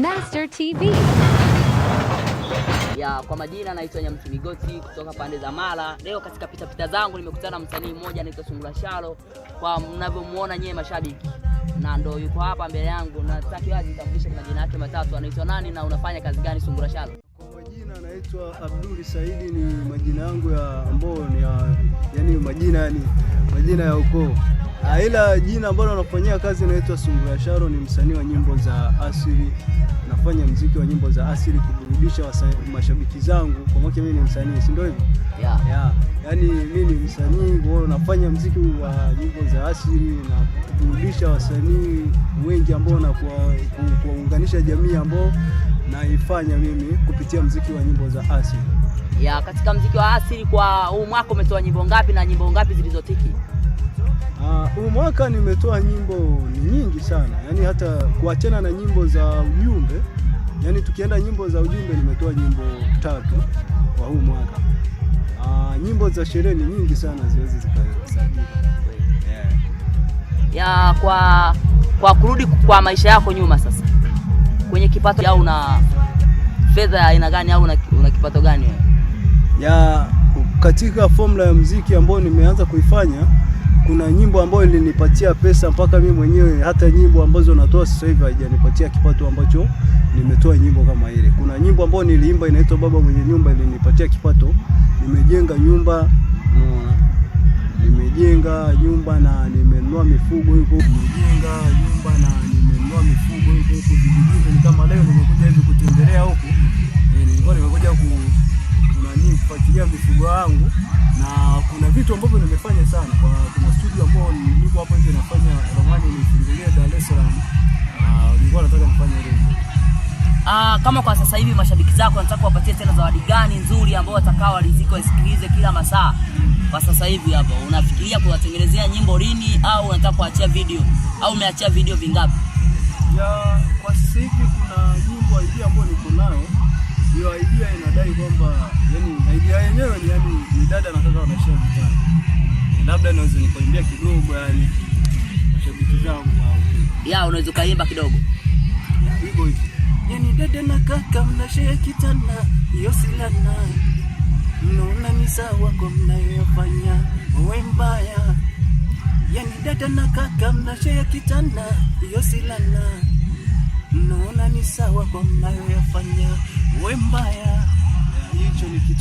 Master TV. Ya, kwa majina naitwa Nyamtu Migoti kutoka pande za Mara. Leo katika pitapita zangu nimekutana na msanii mmoja anaitwa Sungura Shalo kwa mnavyomuona nyewe mashabiki, na ndo yuko hapa mbele yangu. nataka wazi tambulishe kwa majina yake matatu, anaitwa nani na unafanya kazi gani, Sungura Shalo? Kwa majina naitwa Abduli Saidi, ni majina yangu ya ambao ni ya, yani majina yani majina ya ukoo Ah, ila jina ambalo anafanyia kazi inaitwa Sungura Sharo, ni msanii wa nyimbo za asili, nafanya mziki wa nyimbo za asili kuburudisha mashabiki zangu. Kwa maana mimi ni msanii, si ndio hivyo? yeah. yeah. Yaani mimi ni msanii kwa nafanya mziki wa nyimbo za asili na kuburudisha wasanii wengi ambao na kuwaunganisha jamii ambao naifanya mimi kupitia mziki wa nyimbo za asili. yeah, katika mziki wa asili kwa huu mwaka umetoa nyimbo ngapi na nyimbo ngapi zilizotiki? Ah, huu uh, mwaka nimetoa nyimbo ni nyingi sana, yaani hata kuachana na nyimbo za ujumbe, yaani tukienda nyimbo za ujumbe nimetoa nyimbo tatu kwa huu mwaka. Uh, nyimbo za sherehe ni nyingi sana, ziwezi zikasajiliwa yeah. Ya, kwa kwa kurudi kwa maisha yako nyuma sasa, kwenye kipato au una fedha ya aina gani au una, una kipato gani ya katika formula ya muziki ambayo nimeanza kuifanya kuna nyimbo ambayo ilinipatia pesa mpaka mimi mwenyewe, hata nyimbo ambazo natoa sasa hivi haijanipatia kipato ambacho nimetoa nyimbo kama ile. Kuna nyimbo ambayo niliimba inaitwa Baba Mwenye Nyumba ilinipatia kipato, nimejenga nyumba unaona, nimejenga nyumba na nimenunua mifugo huko, nimejenga nyumba na nimenunua mifugo huko vijijini. Kama leo nimekuja hivi kutembelea huko, eh, nilikuwa nimekuja ku nani kufuatilia mifugo yangu, na kuna vitu ambavyo nimefanya sana kwa, kuna studio ambayo niko hapo nje nafanya romani nifungulie Dar es Salaam, nilikuwa nataka nifanye hivyo. Ah, kama kwa sasa hivi mashabiki zako nataka kuwapatia tena zawadi gani nzuri ambao watakao waliziko isikilize kila masaa kwa sasa hivi hapo, unafikiria kuwatengenezea nyimbo lini au unataka kuachia video au umeachia video vingapi? Ya, kwa sasa hivi kuna nyimbo idea ambayo niko nayo hiyo idea inadai kwamba yani idea yenyewe ni yani ni dada na kaka wanaisha vitani, eh, labda naweza nikaimbia kidogo, yani mashabiki zangu ya unaweza ukaimba kidogo hivyo hivyo, yani dada na kaka mnashia kitana, hiyo silana, mnaona ni sawa kwa mnayofanya wewe mbaya, yani dada na kaka mnashia kitana, hiyo silana sawa kwa mnayoyafanya, we mbaya hicho ni kitu